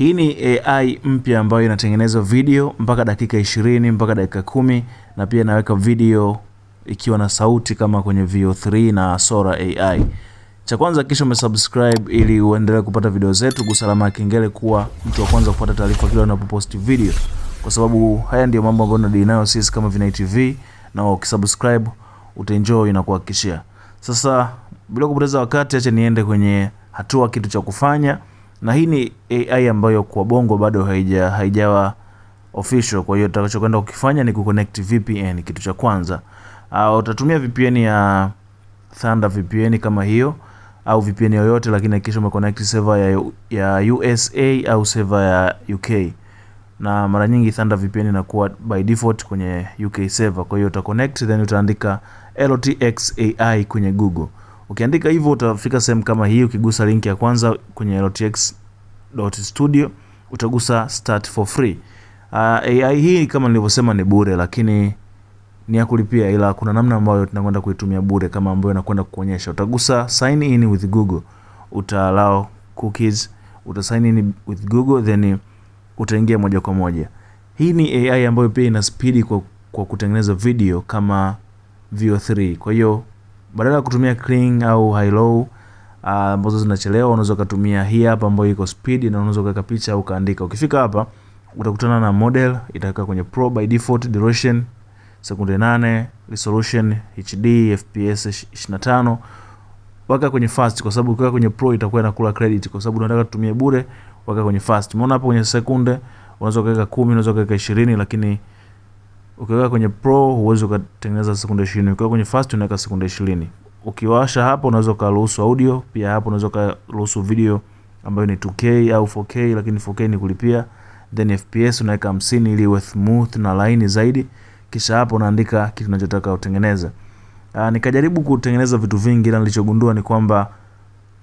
Hii ni AI mpya ambayo inatengeneza video mpaka dakika 20 mpaka dakika kumi na pia inaweka video ikiwa na sauti kama kwenye VO3 na Sora AI. Cha kwanza kisha umesubscribe ili uendelee kupata video zetu, gusa alama ya kengele kuwa mtu wa kwanza kupata taarifa kila unapoposti video, kwa sababu haya ndiyo mambo ambayo tunadili nayo sisi kama Vinai TV, na ukisubscribe utaenjoy na kuhakikishia. Sasa bila kupoteza wakati, acha niende kwenye hatua kitu cha kufanya na hii ni AI ambayo kwa bongo bado haija haijawa official. Kwa hiyo utakachokwenda kukifanya ni kuconnect VPN. Kitu cha kwanza uh, utatumia VPN ya Thunder VPN kama hiyo au VPN yoyote, lakini hakikisha umeconnect server ya, ya USA au server ya UK, na mara nyingi Thunder VPN inakuwa by default kwenye UK server. Kwa hiyo utaconnect then utaandika LTXAI kwenye Google. Ukiandika hivyo utafika sehemu kama hii. Ukigusa link ya kwanza kwenye lotx.studio utagusa start for free. Uh, ah, AI hii kama nilivyosema ni bure, lakini ni ya kulipia, ila kuna namna ambayo tunakwenda kuitumia bure kama ambayo nakwenda kukuonyesha. Utagusa sign in with Google, uta allow cookies, uta sign in with Google then utaingia moja kwa moja. Hii ni AI ambayo pia ina speed kwa, kwa kutengeneza video kama VO3. Kwa hiyo badala ya kutumia clean au high low ah, ambazo uh, zinachelewa unaweza ukatumia hii hapa ambayo iko speed na unaweza ukaweka picha ukaandika. Ukifika hapa utakutana na model itakaa kwenye pro by default duration sekunde nane, resolution HD, FPS 25. waka kwenye fast kwa sababu ukiweka kwenye pro itakuwa inakula credit kwa sababu unataka tutumie bure, waka kwenye fast. Umeona hapo kwenye sekunde unaweza ukaweka 10, unaweza ukaweka 20 lakini ukiweka kwenye pro huwezi ukatengeneza sekunde ishirini ukiweka kwenye fast unaweka sekunde ishirini ukiwasha hapo unaweza ukaruhusu audio pia hapo unaweza ukaruhusu video ambayo ni 2k au 4k lakini 4k ni kulipia then fps unaweka 50 ili iwe smooth na laini zaidi kisha hapo unaandika kitu unachotaka utengeneze Aa, ah, nikajaribu kutengeneza vitu vingi ila nilichogundua ni kwamba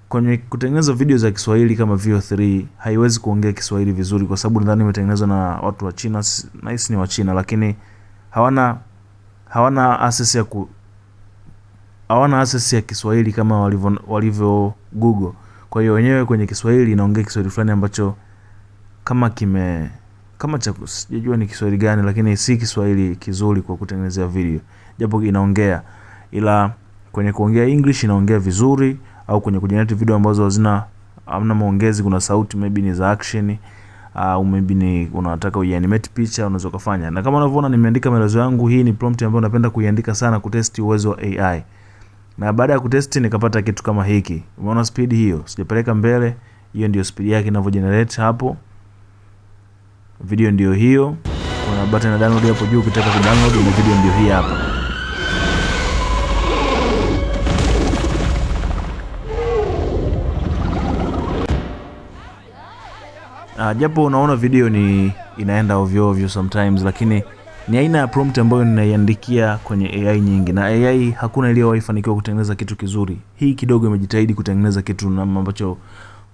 kwenye kutengeneza video za Kiswahili kama VO3 haiwezi kuongea Kiswahili vizuri kwa sababu nadhani imetengenezwa na watu wa China, nahisi ni wa China lakini hawana hawana access ya ku hawana access ya Kiswahili kama walivyo walivyo Google. Kwa hiyo wenyewe kwenye Kiswahili inaongea Kiswahili fulani ambacho kama kime kama cha sijajua ni Kiswahili gani, lakini si Kiswahili kizuri kwa kutengenezea video, japo inaongea, ila kwenye kuongea English inaongea vizuri, au kwenye kujenerate video ambazo hazina hamna maongezi, kuna sauti maybe ni za action au maybe ni unataka uianimate picha unaweza kufanya. Na kama unavyoona nimeandika maelezo yangu, hii ni prompt ambayo napenda kuiandika sana kutest uwezo wa AI. Na baada ya kutest nikapata kitu kama hiki. Umeona speed hiyo? Sijapeleka mbele, hiyo ndio speed yake inavyo generate hapo. Video ndio hiyo. Kuna button ya download hapo juu ukitaka kudownload, na video ndio hii hapa. uh, japo unaona video ni inaenda ovyo ovyo sometimes, lakini ni aina ya prompt ambayo ninaiandikia kwenye AI nyingi, na AI hakuna iliyowahi fanikiwa kutengeneza kitu kizuri. Hii kidogo imejitahidi kutengeneza kitu na ambacho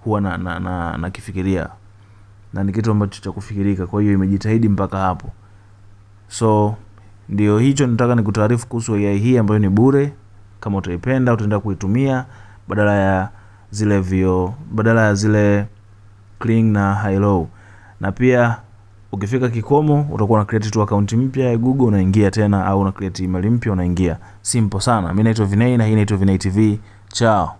huwa na, na, na, na kifikiria na ni kitu ambacho cha kufikirika, kwa hiyo imejitahidi mpaka hapo. So ndio hicho nataka nikutaarifu kuhusu AI hii ambayo ni bure. Kama utaipenda utaenda kuitumia badala ya zile vio, badala ya zile clean na high low. Na pia ukifika kikomo utakuwa una create tu account mpya ya Google unaingia tena au una create email mpya unaingia. Simple sana. Mimi naitwa Vinei na hii naitwa Vinei TV. Chao.